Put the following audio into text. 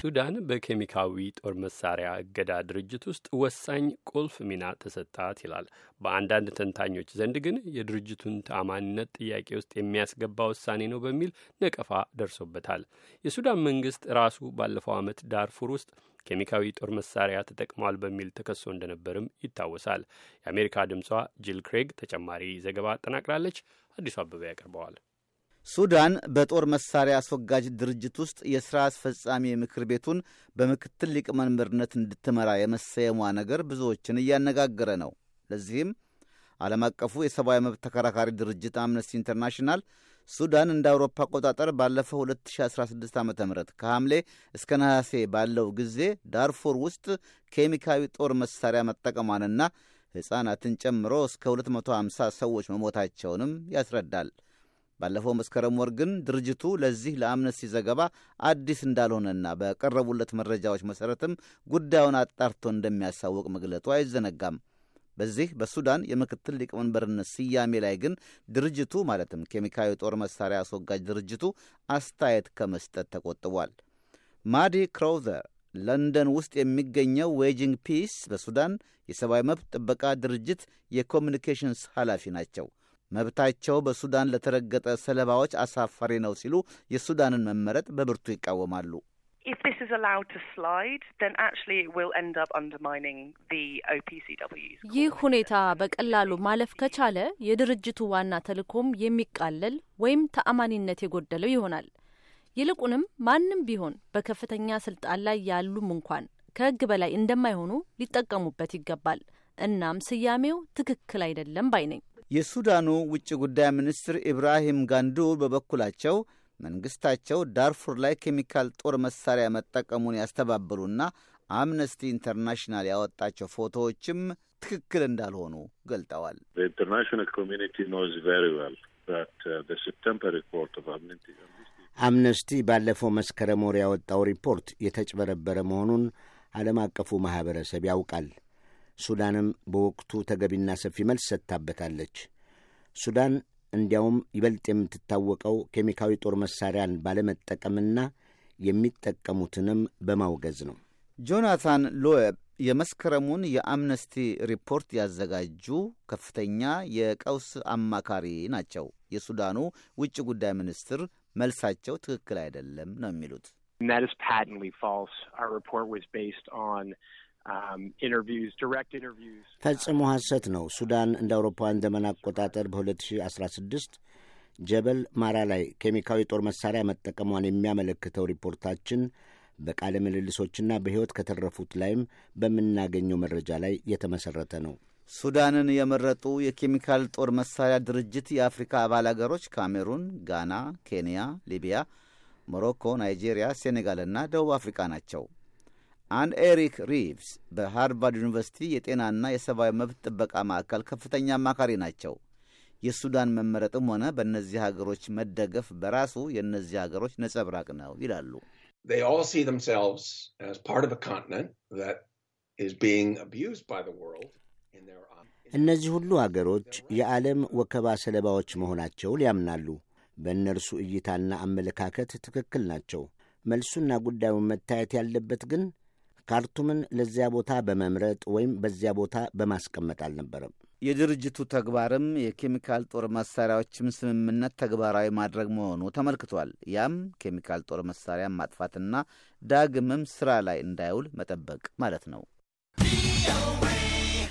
ሱዳን በኬሚካዊ ጦር መሳሪያ እገዳ ድርጅት ውስጥ ወሳኝ ቁልፍ ሚና ተሰጣት ይላል። በአንዳንድ ተንታኞች ዘንድ ግን የድርጅቱን ተአማንነት ጥያቄ ውስጥ የሚያስገባ ውሳኔ ነው በሚል ነቀፋ ደርሶበታል። የሱዳን መንግስት ራሱ ባለፈው ዓመት ዳርፉር ውስጥ ኬሚካዊ ጦር መሳሪያ ተጠቅሟል በሚል ተከሶ እንደነበርም ይታወሳል። የአሜሪካ ድምጿ ጂል ክሬግ ተጨማሪ ዘገባ አጠናቅራለች። አዲሱ አበበ ያቀርበዋል። ሱዳን በጦር መሳሪያ አስወጋጅ ድርጅት ውስጥ የሥራ አስፈጻሚ ምክር ቤቱን በምክትል ሊቀመንበርነት እንድትመራ የመሰየሟ ነገር ብዙዎችን እያነጋገረ ነው። ለዚህም ዓለም አቀፉ የሰብአዊ መብት ተከራካሪ ድርጅት አምነስቲ ኢንተርናሽናል ሱዳን እንደ አውሮፓ አቆጣጠር ባለፈው 2016 ዓ ም ከሐምሌ እስከ ነሐሴ ባለው ጊዜ ዳርፉር ውስጥ ኬሚካዊ ጦር መሳሪያ መጠቀሟንና ሕፃናትን ጨምሮ እስከ 250 ሰዎች መሞታቸውንም ያስረዳል። ባለፈው መስከረም ወር ግን ድርጅቱ ለዚህ ለአምነስቲ ዘገባ አዲስ እንዳልሆነና በቀረቡለት መረጃዎች መሠረትም ጉዳዩን አጣርቶ እንደሚያሳውቅ መግለጡ አይዘነጋም። በዚህ በሱዳን የምክትል ሊቀመንበርነት ስያሜ ላይ ግን ድርጅቱ ማለትም ኬሚካዊ ጦር መሳሪያ አስወጋጅ ድርጅቱ አስተያየት ከመስጠት ተቆጥቧል። ማዲ ክራውዘር ለንደን ውስጥ የሚገኘው ዌጂንግ ፒስ በሱዳን የሰብአዊ መብት ጥበቃ ድርጅት የኮሚኒኬሽንስ ኃላፊ ናቸው። መብታቸው በሱዳን ለተረገጠ ሰለባዎች አሳፋሪ ነው ሲሉ የሱዳንን መመረጥ በብርቱ ይቃወማሉ። if this is allowed to slide, then actually it will end up undermining the OPCW's. ይህ ሁኔታ በቀላሉ ማለፍ ከቻለ የድርጅቱ ዋና ተልዕኮም የሚቃለል ወይም ተአማኒነት የጎደለው ይሆናል። ይልቁንም ማንም ቢሆን በከፍተኛ ስልጣን ላይ ያሉም እንኳን ከህግ በላይ እንደማይሆኑ ሊጠቀሙበት ይገባል። እናም ስያሜው ትክክል አይደለም ባይ ነኝ። የሱዳኑ ውጭ ጉዳይ ሚኒስትር ኢብራሂም ጋንዱር በበኩላቸው መንግስታቸው ዳርፉር ላይ ኬሚካል ጦር መሳሪያ መጠቀሙን ያስተባበሉና አምነስቲ ኢንተርናሽናል ያወጣቸው ፎቶዎችም ትክክል እንዳልሆኑ ገልጠዋል። uh, አምነስቲ ባለፈው መስከረም ወር ያወጣው ሪፖርት የተጭበረበረ መሆኑን ዓለም አቀፉ ማኅበረሰብ ያውቃል። ሱዳንም በወቅቱ ተገቢና ሰፊ መልስ ሰጥታበታለች። ሱዳን እንዲያውም ይበልጥ የምትታወቀው ኬሚካዊ ጦር መሳሪያን ባለመጠቀምና የሚጠቀሙትንም በማውገዝ ነው። ጆናታን ሎዌብ የመስከረሙን የአምነስቲ ሪፖርት ያዘጋጁ ከፍተኛ የቀውስ አማካሪ ናቸው። የሱዳኑ ውጭ ጉዳይ ሚኒስትር መልሳቸው ትክክል አይደለም ነው የሚሉት። Um, ፈጽሞ ሐሰት ነው። ሱዳን እንደ አውሮፓውያን ዘመን አቆጣጠር በ2016 ጀበል ማራ ላይ ኬሚካዊ ጦር መሳሪያ መጠቀሟን የሚያመለክተው ሪፖርታችን በቃለ ምልልሶችና በሕይወት ከተረፉት ላይም በምናገኘው መረጃ ላይ የተመሠረተ ነው። ሱዳንን የመረጡ የኬሚካል ጦር መሳሪያ ድርጅት የአፍሪካ አባል አገሮች ካሜሩን፣ ጋና፣ ኬንያ፣ ሊቢያ፣ ሞሮኮ፣ ናይጄሪያ፣ ሴኔጋልና ደቡብ አፍሪካ ናቸው። አን ኤሪክ ሪቭስ በሃርቫርድ ዩኒቨርሲቲ የጤናና የሰብአዊ መብት ጥበቃ ማዕከል ከፍተኛ አማካሪ ናቸው። የሱዳን መመረጥም ሆነ በእነዚህ ሀገሮች መደገፍ በራሱ የእነዚህ ሀገሮች ነጸብራቅ ነው ይላሉ። እነዚህ ሁሉ አገሮች የዓለም ወከባ ሰለባዎች መሆናቸውን ያምናሉ። በእነርሱ እይታና አመለካከት ትክክል ናቸው። መልሱና ጉዳዩን መታየት ያለበት ግን ካርቱምን ለዚያ ቦታ በመምረጥ ወይም በዚያ ቦታ በማስቀመጥ አልነበረም። የድርጅቱ ተግባርም የኬሚካል ጦር መሳሪያዎችም ስምምነት ተግባራዊ ማድረግ መሆኑ ተመልክቷል። ያም ኬሚካል ጦር መሳሪያ ማጥፋትና ዳግምም ስራ ላይ እንዳይውል መጠበቅ ማለት ነው።